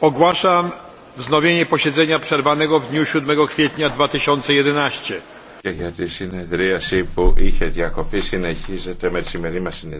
Ogłaszam wznowienie posiedzenia przerwanego w dniu 7 kwietnia 2011. Και για τη συνεδρίαση που είχε διακοπεί συνεχίζεται με τη σημερινή μας συνεδρία.